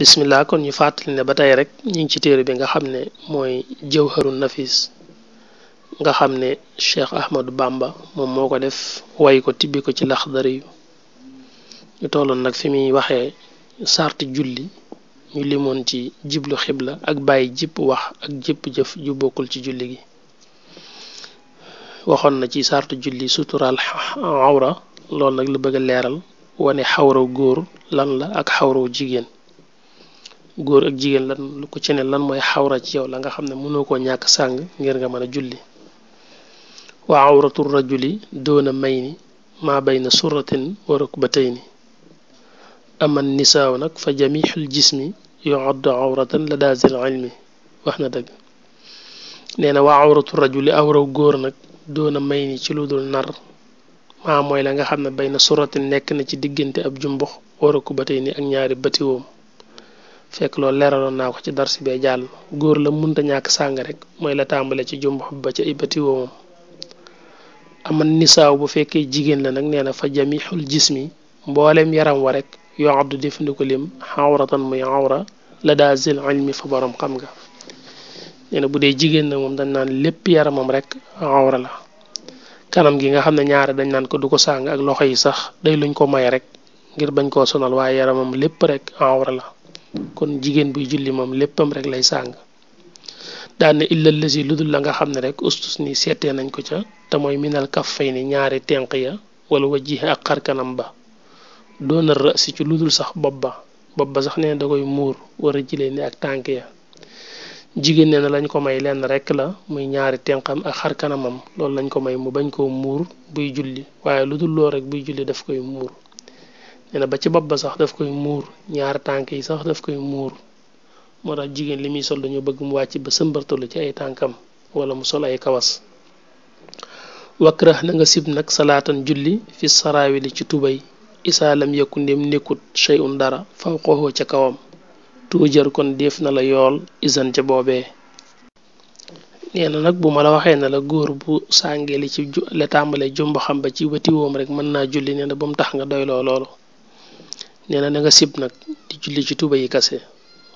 bismillah kon ñu fàttali ne ba tey rek ñu ngi ci téere bi nga xam ne mooy jawharun nafis nga xam ne cheikh ahmadou bamba moom moo ko def way ko tibbi ko ci laxdari yu ñu tolloon nag fi muy waxee sart julli ñu limoon ci jiblu xibla ak bàyyi jipp wax ak jipp jëf ju bokkul ci julli gi waxoon na ci sart julli suturaal awra loolu nag la bëgg a leeral wane xawraw góor lan la ak xawraw jigéen góor ak jigéen lan lu ko ci lan mooy xawra ci yow la nga xam ne mënoo koo ñàkk sàng ngir nga mën a julli wa awratu rajuli doona may ni maa bayna suratin wa rukbatayni aman nisaaw nag fa jamixul jismi yuaddu awratan la daazil ilmi wax na dëgg nee na wa awratu rajuli awraw góor nag doona may ni ci lu dul nar maa mooy la nga xam ne bayna suratin nekk na ci diggante ab jumbux wa rukbatayni ak ñaari batiwoom fekk loolu leeraloon naa ko ci dar si bee jàll góor la munta ñàkk sàng rek mooy la tàmbale ci jumb ba ca ibati woomam aman nisaaw bu fekkee jigéen la nag nee na fa jamixul jismi mbooleem yaram wa rek yoo abdu def ni ko muy xawra la daa zil ilmi fa borom xam nga nee bu dee jigéen nag moom dañ naan lépp yaramam rek xawra la kanam gi nga xam ne ñaare dañ naan ko du ko sàng ak loxo yi sax day luñ ko may rek ngir bañ koo sonal kon jigéen buy julli moom léppam rek lay sàng daan ne illal lu dul la nga xam ne rek ustus ni seetee nañ ko ca te mooy minal kaf fay ni ñaari tenq ya wala wajjixe ak kanam ba doona rësi ci lu dul sax bopp ba bopp ba sax nee da koy muur war a jilee ni ak tànk ya jigéen ne na lañ ko may lenn rekk la muy ñaari tenqam ak xarkanamam loolu lañ ko may mu bañ koo muur buy julli waaye lu dul loo rek buy julli daf koy muur nee ba ci bopp ba sax daf koy muur ñaar tànk yi sax daf koy muur moo jigéen li muy sol dañoo bëgg mu wàcc ba sëmbartalu ci ay tànkam wala mu sol ay kawas wakrax na nga sib nag salaatan julli fi saraawili ci tubay isaalam yëkku ndem nekkut shay'un dara faw xooxoo ca kawam jër kon def na la yool isan ca boobe nee nag bu ma la waxee na la góor bu sàngee li ci la tàmbale jumba xam ba ci wati woom rek mën naa julli nee na ba mu tax nga doyloo loolu neena na nga sib nag di julli ci tuba yi kase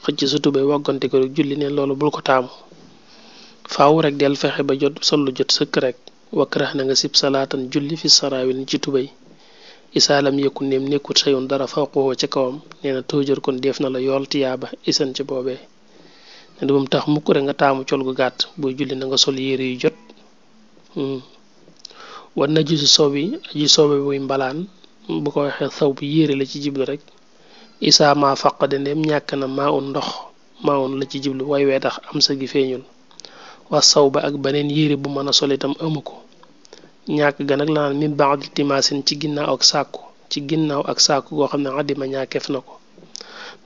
xëcc sa tuba yi waggante ko rek julli ne loolu bul ko taamu faaw rek del fexe ba jot sollu jot sëkk rek wakkarax na nga sib salaatan julli fi saraawil ci tuba yi isaalam yëkku neem nekkut sa yoon dara fawqowoo ca kawam nee na kon def na la yool tiyaaba isan ci boobee ne du mu tax mukk nga taamu col gu gàtt booy julli na nga sol yére yu jot hmm. war na ji si sow bi aji soobe buy mbalaan bu ko waxee saw bu yére la ci jiblu rek isaa maa faqade ndem ñàkk na maa un ndox maa un la ci jiblu way wee tax am sa gi feeñul wax saw ba ak beneen yére bu mën a sol itam amu ko ñàkk ga nag lanaan min ci ginnaaw ak ci ginnaaw ak sàkku goo xam ne àddima ñàkkeef na ko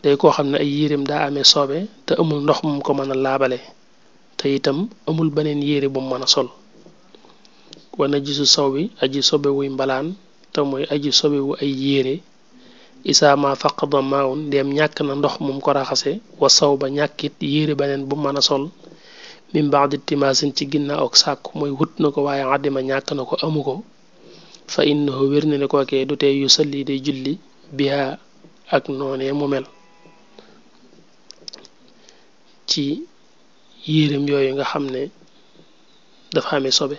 day koo xam ne ay yéreem daa amee soobe te amul ndox mu ko mën a laabale te itam amul beneen yére bu mu mën a sol wana jisu saw bi aji sobe wuy mbalaan te mooy aji sobewu ay yére isaama ma maawun dem ñàkk na ndox mum ko raxase wa saw ba ñàkkit yére beneen bu mën a sol min baadi timaasin ci ginnaaw ak sàkku mooy wut na ko waaye àddima ñàkk day julli biha ak noonee mu nga xam ne dafa amee sobe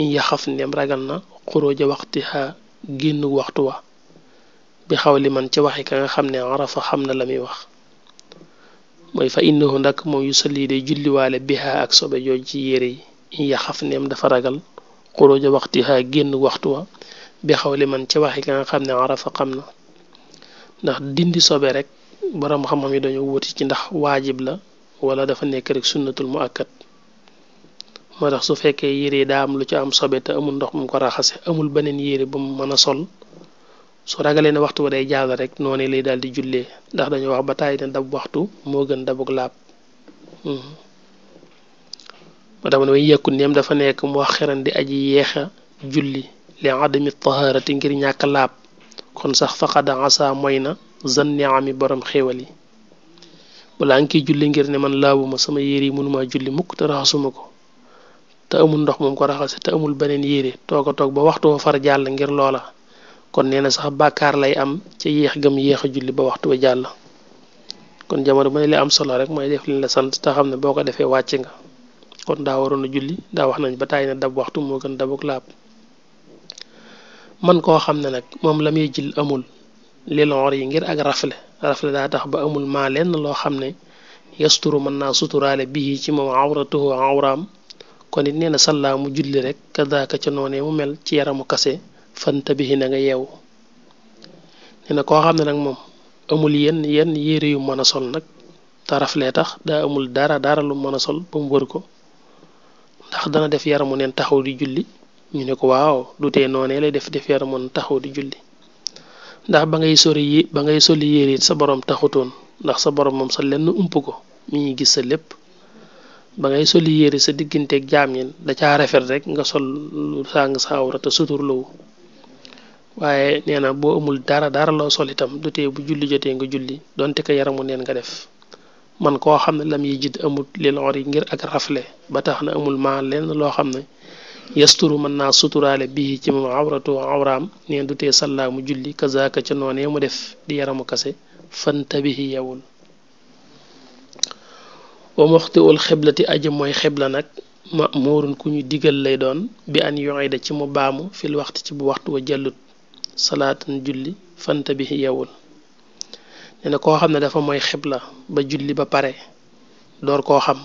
in yaxaf ndem ragal na xuróoja waxtiha génn waxtu wa bi xawli man ci waxi ka nga xam ne arafa xam na la muy wax mooy fa innahu ndak moom yu salli day julliwaale biha ak sobe jooj ci yére yi in yaxaf neem dafa ragal xuruja waxtiha génn waxtu wa bi xawli man ci waxi ka nga xam ne arafa xam na ndax dindi sobe rek borom xam-xam yi dañu wuti ci ndax waajib la wala dafa nekk rek sunnatul mu akkat moo tax su fekkee yére daa am lu ci am sobe te ndox mu ko raxase amul beneen yére bu mu mën a sol su ragalee ne waxtu ba day jaada rek noonu lay daal di jullee ndax dañu wax ba tàyyi waxtu moo gën dabug laab hmm. moo tax ma ne way yëkkun neem dafa nekk mu wax xiran di aji yeexa julli li adami taharati ngir ñàkk laab kon sax faqada asa mooy na zanni ami borom xéewal yi balaa nga kiy julli ngir ne man laabuma sama yére yi mënuma julli mukk te raxasuma ko te amul ndox moom ko raxas te amul beneen yére toog toog ba waxtu wa far jàll ngir loola kon nee na sax baakaar lay am ca yéex gëm yéex a julli ba waxtu wa jàll kon jamono bu ne am solo rek mooy def liñ la sant te xam ne boo ko defee wàcc nga kon daa waroon a julli daa wax nañ ba tàyyi na dab waxtu moo gën dabuk laab man koo xam ne nag moom la muy jël amul liloor yi ngir ak rafle rafle daa tax ba amul maa lenn loo xam ne yasturu mën naa suturaale bii ci moom awratuhu awraam kon it nee na sallaa mu julli rek kadaaka ca noonee mu mel ci yaramu kase fanta bi na nga yeewu nee koo xam ne nag moom amul yenn yenn yére yu mën a sol nag taraf lee tax daa amul dara dara lu mën a sol ba mu wër ko ndax dana def yaramu neen taxaw di julli ñu ne ko waaw dutee noonee lay def def yaramu neen taxaw di julli ndax ba ngay sori ba ngay soli yére it sa borom taxutoon ndax sa borom moom sa lenn ump ko ñu ngi gis sa lépp ba ngay soli yére sa digganteeg jaam ñen da caa rafet rek nga sol sàng sa awra te suturloo waaye nee na boo amul dara daara loo sol itam du bu julli jotee nga julli donte ko yaramu neen nga def man koo xam ne lam yi jid amut lil yi ngir ak ba tax na amul maa lenn loo xam ne yasturu mën naa suturaale bii ci moom awratu awraam neen du tee sallaa mu julli kazaaka ca noonee mu def di yaramu kase fanta bihi yewul wa moxtiwul xiblati aji mooy xibla nag ma muurun ku ñu digal lay doon bi an yoxida ci mu baamu fil waxtu ci bu waxtu wa jàllut salaatan julli fanta bi yeewul nee koo xam ne dafa mooy xibla ba julli ba pare door koo xam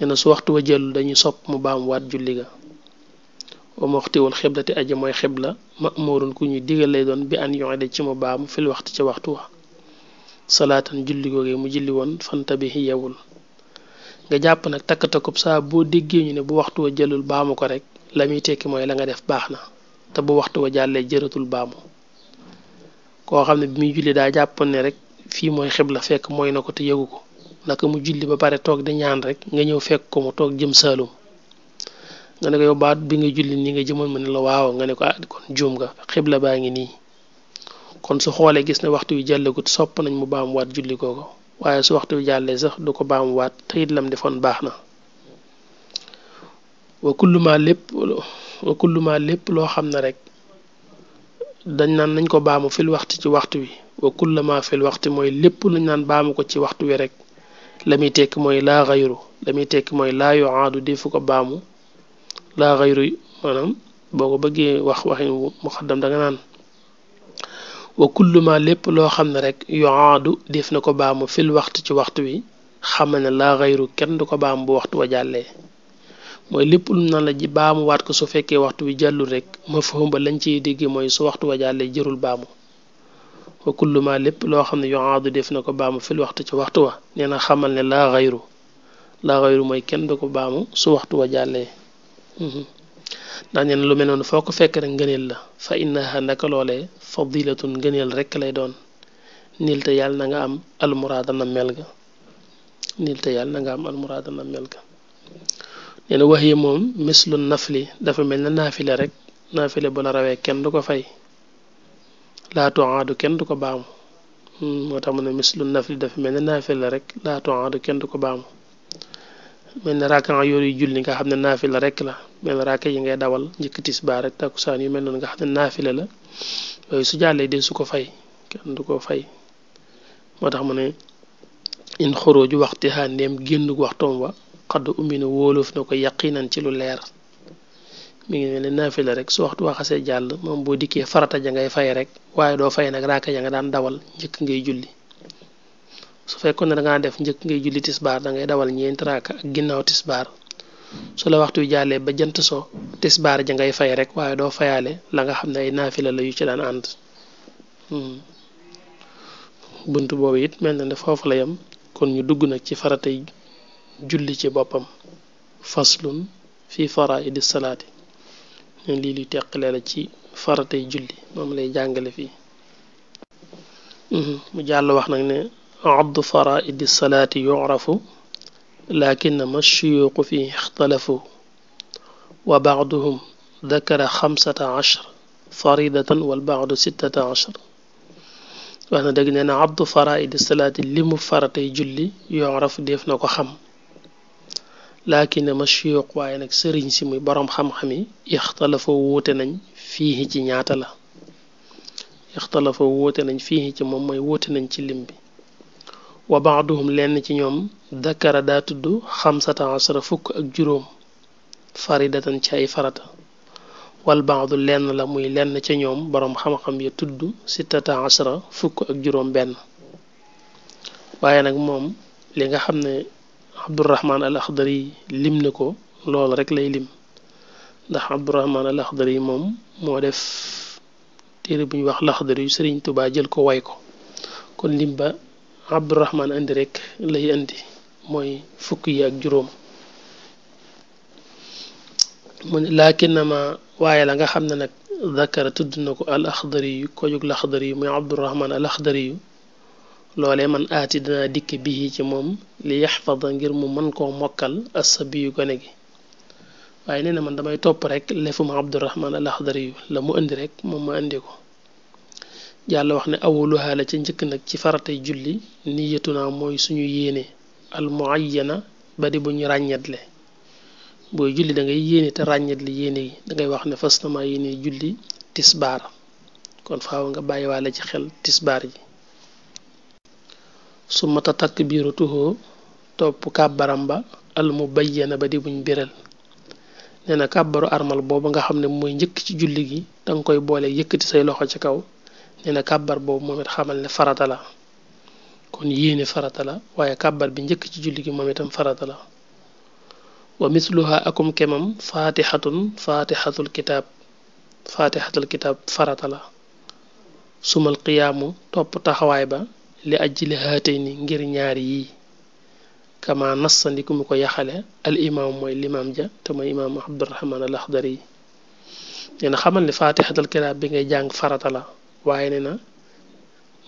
nee su waxtu wa jàllu dañuy sopp mu baam waat julli ga wa moxtiwul xiblati aji mooy xibla ma muurun ku ñu digal doon bi an ci mu baamu fil waxtu ci waxtu wa salaatan julli googee mu julli woon fanta bi yeewul nga jàpp nag takk takkub saa boo déggee ñu ne bu waxtu wa jëlul baamu ko rek la muy tekki mooy la nga def baax na te bu waxtu wa jàllee jëratul baamu koo xam ne bi muy julli daa jàpp ne rek fii mooy xibla fekk mooy na ko te yëgu ko naka mu julli ba pare toog di ñaan rek nga ñëw fekk ko mu toog jëm saalum nga ne ko yow baat bi nga julli nii nga jëmoon mu ne la waaw nga ne ko ah kon juum nga xibla baa ngi nii kon su xoolee gis ne waxtu yu jàllagut sopp nañ mu baam waat julli kooko waaye su waxtu bi jàllee sax du ko baamuwaat te it lam defoon baax na wa kullu ma lépp loo xam ne rek dañ naan nañ ko baamu fil waxtu ci waxtu wi wa kullu ma fil waxtu mooy lépp lañ naan baamu ko ci waxtu wi rek la muy tekki mooy laa xayru la tekki mooy laa du defu ko baamu laa xayru maanaam boo ko bëggee wax waxin muqaddam da nga naan wa kulluma lépp loo xam ne rek du def na ko baamu fil waxtu ci waxtu wi xamal ne laa xayru kenn du ko baam bu waxtu wa jàllee mooy lépp lu na la ji baamu ko su fekkee waxtu wi jàllul rek ma fahum lañ ciy dégg mooy su waxtu wa jàllee jërul baamu wa kulluma lépp loo xam ne du def na ko baamu fil waxtu ci waxtu wa nee na xamal ne laa xayru laa xayru mooy kenn du ko baamu su waxtu wa jàllee mhm. ndax nee lu mel noonu foo ko fekk rek la fa innaha naka loolee fadilatun ngëneel rek lay doon nil te yàlla na nga am almuraada na mel ga nil te wax yi moom mislu nafli dafa mel na naafile rek naafile bu rawee kenn du ko fay laatu aadu kenn du ko baamu hmm, moo tax mu ne mislu nafli dafa mel na naafile rek laatu aadu kenn du ko baamu mel ne raaka yooyu julli nga xam ne naafila rek la mel ne raaka yi ngay dawal njëkk tisbaar ak takkusaan yu mel noonu nga xam ne la su jàllee de su ko fay du ko fay moo tax mu ne in xorooju waxtiha ndéem génn waxtoom wa xadd uminu wóoloof na ko yaqinan ci lu leer mi ngi mel ne naafila rek su waxtu waa xasee moom boo dikkee farata ja ngay fay rek waaye doo fay nag raaka ya nga daan dawal njëkk ngay julli su fekkoon ne dangaa def njëkk ngay julli tisbaar da dawal ñeenti raaka ak ginnaaw tisbaar su la waxtu yu jàllee ba jant so tisbaar ja ngay fay rek waaye doo fayaale la nga xam ne ay naafila la yu ci daan ànd hmm. bunt boobu it mel na ne foofu la kon ñu dugg nag ci faratay julli ci boppam faslun fii faraidi salaati lii luy teqalee la ci faratay julli moom lay jàngale fii hmm. mu jàll wax nag ne عبد فرائد الصلاة يعرف لكن ما الشيوخ فيه اختلفوا وبعضهم ذكر خمسة عشر فريضة والبعض ستة عشر وانا دقنا أن عبد فرائد الصلاة اللي مفرطة جلي يعرف ديفنا خم لكن ما الشيوخ وعينك سرين سمي برام خم خمي يختلفوا ووتنا فيه جنياتلا يختلفوا ووتنا فيه جمم ووتنا جلمبي wa baaduhum lenn ci ñoom dakara daa tudd xamsata asara fukk ak juróom far yi faridatan ci ay farata wal baadu lenn la muy lenn ci ñoom boroom xam-xam ya tudd sittata asara fukk ak juróom benn waaye nag moom li nga xam ne abdurahman al axdari lim na ko loolu rek lay lim ndax abdurahman al axdari moom moo def téere bu ñu wax laxdari yu sëriñ tubaa jël ko way ko kon lim ba abdurahman andi rek lay andi mooy fukk yi ak juróom mu ne laakinama waaye la nga xam ne nag dakara tudd na ko al axdari yu ko jóg laxdari yu muy abdurahman al axdari yu loolee man aati dana dikk bii ci moom li yaxfada ngir mu mën koo mokkal asabi yu gone gi waaye nee na man damay topp rek lefum abdurahman al axdari yu la mu indi rek moom ma indi ko yàlla wax ne awaluhaa la ca njëkk nag ci faratay julli niyatunaa mooy suñu yéene al muayyana ba di bu ñu ràññetle booy julli da ngay yéene te ràññetle yéene yi da ngay wax ne fas na maa yéene julli tisbaar kon faaw nga bàyyiwaale ci xel tisbaar yi su mata takk biiru tuxoo topp kàbbaram ba al mu bayyana ba di buñ biral nee na kàbbaru armal boobu nga xam ne mooy njëkk ci julli gi danga koy boole yëkkati say loxo ci kaw nee na kàbbar boobu moom it xamal ne farata la kon yéene farata la waaye kàbbar bi njëkk ci julli gi moom itam farata la wa misluha akum kemam faatixatun faatixatul kitaab faatixatul kitaab farata la sumal qiyaamu topp taxawaay ba li ajjili haatay ni ngir ñaari yii kama nassandi ku mu ko yaxale al imaam mooy limaam ja te mooy imaam abdurahman al axdari nee na xamal ne faatixatul kitaab bi ngay jàng farata la waaye ne na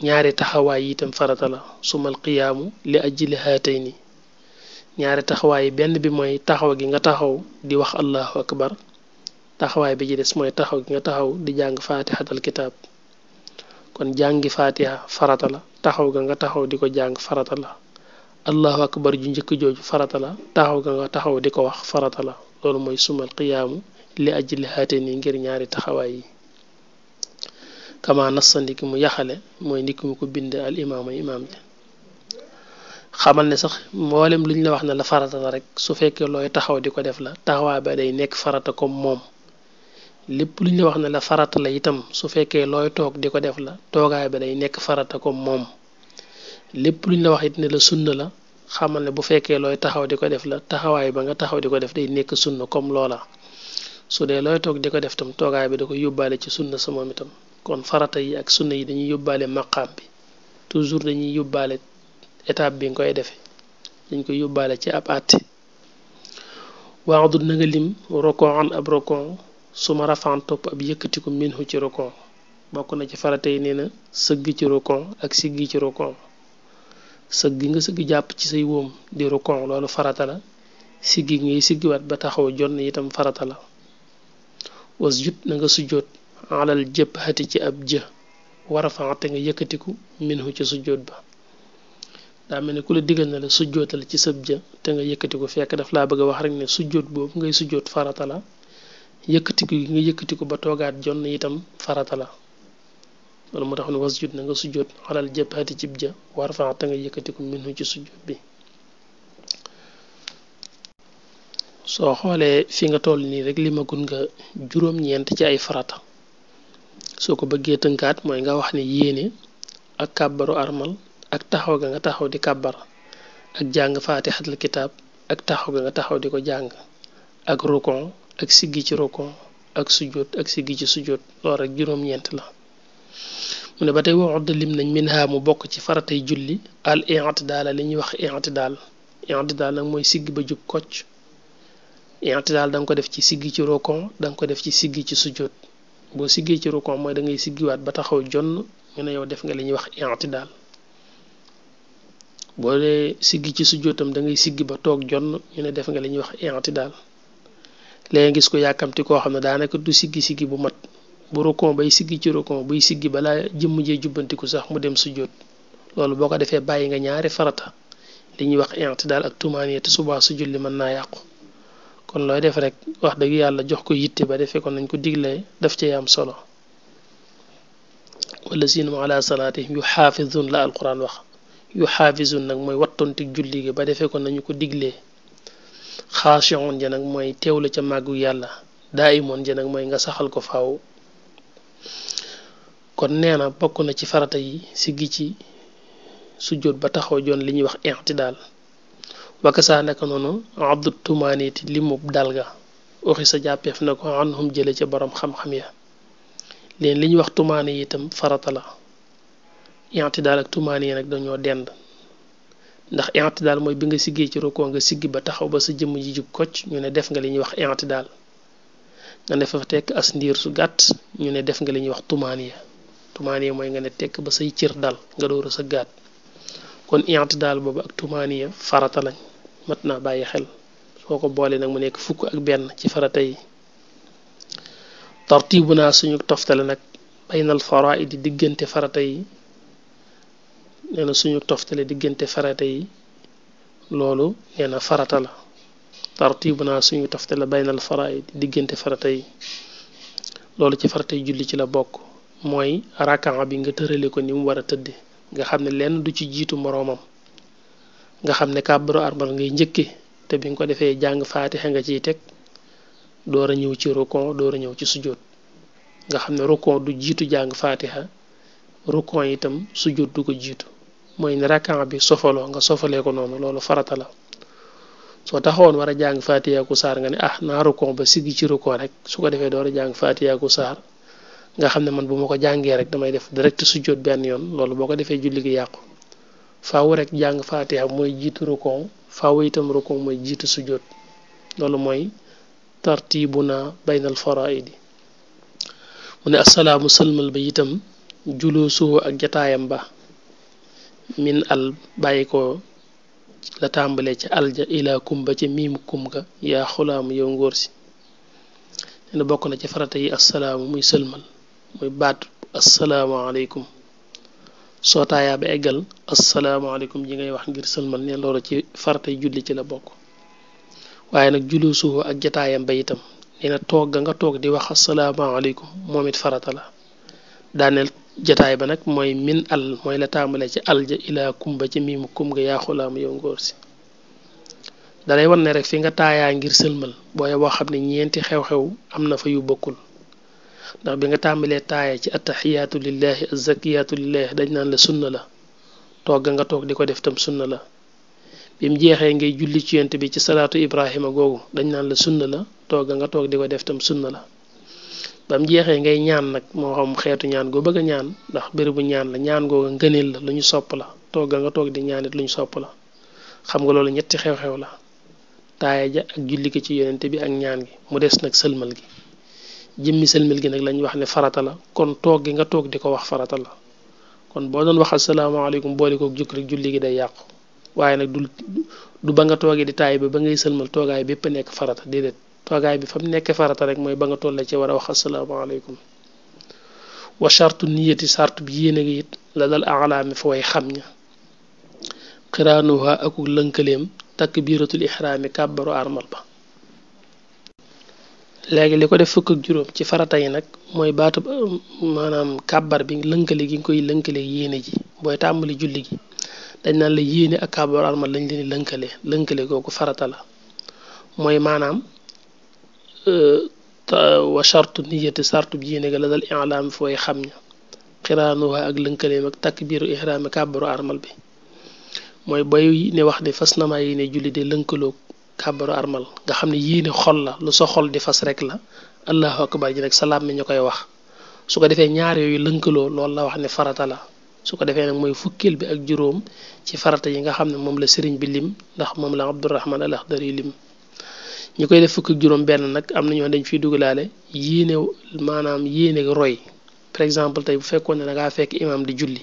ñaari taxawaay itam farata la sumal qiyaamu li ajli haatayni ñaari taxawaay benn bi mooy taxaw gi nga taxaw di wax allahu akbar taxawaay bi ci des mooy taxaw gi nga taxaw di jàng faatixatal kitaab kon jàngi faatixa farata la taxaw ga nga taxaw di ko jàng farata la allahu akbar ju njëkk jooju farata la taxaw ga nga taxaw di ko wax farata la loolu mooy sumal qiyaamu li ajli nii ngir ñaari taxawaay yi kama nassa ndiki mu yaxale mooy ndiki mu ko bind al imaama imaam ja xamal ne sax mboolem lu ñu la wax ne la farata la rek su fekkee looy taxaw di ko def la taxawaa ba day nekk farata comme moom lépp lu ñu wax ne la farata itam su fekkee looy toog di ko def la toogaay ba day nekk farata comme moom lépp lu ñu la wax it ne la sunna la xamal ne bu fekkee looy taxaw di ko def la taxawaay ba nga taxaw di ko def day nekk sunna comme loola su dee looy toog di ko def tam toogaay bi da ko yóbbaale ci sunna sa moom itam kon farata yi ak sunna yi dañuy yóbbaale maqaam bi toujours dañuy yóbbaale étape bi nga koy defee dañ koy yóbbaale ci ab àtte waxdul na nga lim rokon an ab rokon su ma rafaan topp ab yëkkatiku minhu ci rokon bokk na ci farata yi nee na sëgg ci rokon ak siggi ci rokon sëgg nga sëgg jàpp ci say wóom di rokon loolu farata la siggi ngay siggiwaat ba taxaw jonn itam farata la wasjud na nga sujjoot jëpp jëbhati ci ab jë warafaate nga yëkkatiku minhu ci sujjóot ba daa mel ne ku la digal na la sujjóotal ci sab jë te nga yëkkatiku fekk daf laa bëgg a wax rek ne sujjóot boobu ngay sujjóot farata la yëkkatiku gi nga yëkkatiku ba toogaat jonn itam farata la loolu moo tax ne wasjud na nga sujjóot alal jëbhati cib jë warafaate nga yëkkatiku minhu ci sujjóot bi soo xoolee fi nga toll nii rek limagun nga juróom-ñeent ci ay farata soo ko bëggee tënkaat mooy nga wax ni yéene ak kàbbaru armal ak taxaw ga nga taxaw di kàbbar ak jàng faatixatul kitaab ak taxaw ga nga taxaw di ko jàng ak rokon ak siggi ci rokon ak sujjóot ak siggi ci sujjóot loolu rek la mu ne ba tey waxudd lim nañ min haa mu bokk ci faratay julli al i'tidaal li ñuy wax i'tidaal i'tidaal nag mooy siggi ba jub kocc i'tidaal da nga ko def ci siggi ci rokon ko def ci siggi ci sujjóot boo siggee ci rukon mooy da ngay siggiwaat ba taxaw jonn ñu ne yow def nga li ñuy wax i'tidaal boo dee siggi ci sujjóotam da ngay siggi ba toog jonn ñu ne def nga li ñuy wax i'tidaal léegi gis ko yàkkamti koo xam ne daanaka du siggi siggi bu mat bu rukon bay siggi ci rukon buy siggi balaa jëmm jee jubbantiku sax mu dem sujjóot loolu boo ko defee bàyyi nga ñaari farata li ñuy wax i'tidaal ak tumaaniyya te subaa sujjóot li mën naa yàqu kon looy def rek wax dëgg yàlla jox ko yitte ba defee kon nañ ko diglee daf cee am solo wallazina hum ala salaatihim yu xaafizun la alquran wax yu xaafizun nag mooy wattontig julli gi ba defee kon nañu ko digle xaashiun ja nag mooy la ca màggu yàlla daayimoon ja nag mooy nga saxal ko faaw kon nee na bokk na ci farata yi siggi ci sujjóot ba taxaw joon li ñuy wax i'tidaal wakkasaa naka noonu abdu tumaaniti limub dal ga waxi sa jàppeef na ko anhum jële ca borom xam-xam ya leen li ñu wax tumaani itam farata la daal ak tumaani yi nag dañoo dend ndax daal mooy bi nga siggee ci rukoo nga siggi ba taxaw ba sa jëmm ji jub kocc ñu ne def nga li ñuy wax daal nga ne fa tekk as ndiir su gàtt ñu ne def nga li ñuy wax tumaani ya tumaani ya mooy nga ne tekk ba say cër dal nga door a sa gàtt kon daal boobu ak tumaaniya farata la mat naa bàyyi xel soo ko boolee nag mu nekk fukk ak benn ci farata yi tartiibu naa suñu toftale nag baynal faraidi diggante farata yi na suñu toftale diggante farata loolu nee na farata la tartiibu naa suñu toftale baynal faraidi diggante farata yi loolu ci farata yi julli ci la bokk mooy rakaa bi nga tërale ko ni mu war a tëdde nga xam ne lenn du ci jiitu moroomam nga xam ne kàbbaru arbal ngay njëkki te bi nga ko defee jàng faatixa nga ciy teg door a ñëw ci rukon door a ñëw ci sujjóot nga xam ne rukon du jiitu jàng faatixa rukon itam sujjóot du ko jiitu mooy ne rakkan bi sofaloo nga sofalee ko noonu loolu farata la soo taxawoon wara jàng faatixa ku saar nga ne ah naa rukon ba siggi ci rukon rek su ko defee door a jàng faatixa ku saar nga xam ne man bu ma ko jàngee rek damay def direct sujjóot benn yoon loolu boo ko defee julli gi yàqu faaw rek jàng faatiha mooy jiitu rukon faaw itam rukon mooy jiitu sujjóot loolu mooy tartibuna baynal faraidi mu ne assalaamu sëlmal ba itam julusuhu ak jataayam ba min al bàyyi ko la tàmbalee ci alja ila kumba ci miimu kumga yaa xulaamu yow ngóor si ne bokk na ci farata yi assalaamu muy sëlmal muy baat asalaamaaleykum soo taayaa ba eggal asalaamaaleykum ji ngay wax ngir sëlmal ne loolu ci fartay julli ci la bokk waaye nag jullu suufu ak jataayam ba itam nee toog ga nga toog di wax asalaamaaleykum moom it farata la daaneel jataay ba nag mooy min al mooy la tàmbalee ci al ja ilaa kumba ci miimu kum ga yaa xulaama yow ngóor si dalay wan ne rek fi nga taayaa ngir sëlmal booy boo xam ne ñeenti xew-xew am na fa yu bokkul ndax bi nga tàmbalee taaya ci attaxiyaatu lillahi azzakiyaatu lillahi dañ naan la sunna la togg nga toog di ko def tam sunna la bi jeexee ngay julli ci yent bi ci salaatu ibrahima googu dañ naan la sunna la togg nga toog di ko def tam sunna la ba jeexee ngay ñaan nag moo xam xeetu ñaan goo bëgg ñaan ndax bérébu ñaan la ñaan googu ngëneel la lu ñu sopp la togg nga toog di ñaanit lu ñu sopp la xam nga loolu ñetti xew-xew la taaya ja ak julli ko ci yonente bi ak ñaan gi mu des nag sëlmal gi jëmmi sëlmil gi nag lañ wax ne farata la kon toog gi nga toog di ko wax farata la kon boo doon wax asalaamaaleykum boole koog jukk rek julli gi day yàqu waaye nag du ba nga toogee di taay ba ba ngay sëlmal toogaay bépp nekk farata déedéet toogaay bi fa mu nekkee farata rek mooy ba nga toll ci war a wax asalaamaaleykum wa chartu niyati charte bi yéene gi it la dal alaami fa way xam ña xiraanuha aku lënkaleem takbiratul ihraami kàbbaru léegi li ko def fukk ak juróom ci farata yi nag mooy baatu maanaam kàbbar bi lënkale gi nga koy lënkale yéene ji booy tàmbali julli gi dañ naan la yéene ak kàbbar armal lañ leen lënkale lënkale googu farata la mooy maanaam euh, wa chartu niyati sartu bi yéene ga la dal ilaam fooy xam ña xiraanuwaa ak lënkaleem ak takbiru ihraami kàbbaru armal bi mooy bay ne wax ne fas na namaa yéene julli de lënkaloog kàbbaru armal nga xam ne yéene xol la lu sa xol di fas rek la allahu akbar ji rek salaam mi ñu koy wax su ko defee ñaar yooyu lënkaloo loolu la wax ne farata la su ko defee nag mooy fukkeel bi ak juróom ci farata yi nga xam ne moom la sëriñ bi lim ndax moom la abdurahman al akhdari lim ñu koy def fukk ak juróom benn nag am na ñoo dañ fiy dugalaale yéene maanaam yéene roy par exemple tey bu fekkoon ne dangaa fekk imaam di julli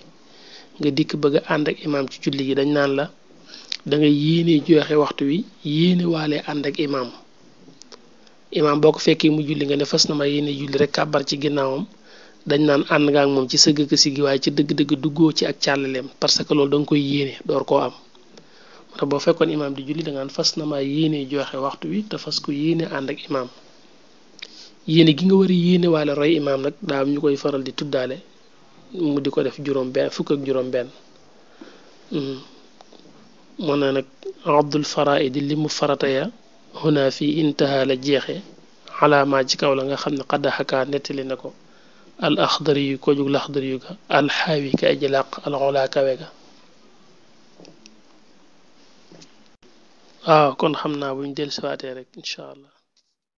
nga dikk bëgg ànd ak imaam ci julli gi dañ naan la da ngay yéene joxe waxtu wi yéene waale ànd ak imaam imaam boo ko fekkee mu julli nga ne fas na ma yéene julli rek kàbbar ci ginnaawam dañ naan ànd nga ak moom ci sëgg si gi waaye ci dëgg-dëgg duggoo ci ak càllaleem parce que loolu danga koy yéene door koo am moo tax boo fekkoon imaam di julli da ngaan fas na ma yéene joxe waxtu wi te fas ko yéene ànd ak imaam yéene gi nga war a yéene waale roy imaam nag daa am ñu koy faral di tuddaale mu di ko def juróom benn من عبد الفرائد اللي مفرطيا هنا في انتهى لجيخي على ما جيكا ولا خمنا قد حكا نتلي نكو الأخضري كوجو الأخضري الحاوي كأجلاق العلا كويكا آه كون خمنا وين ديل سواتي رك إن شاء الله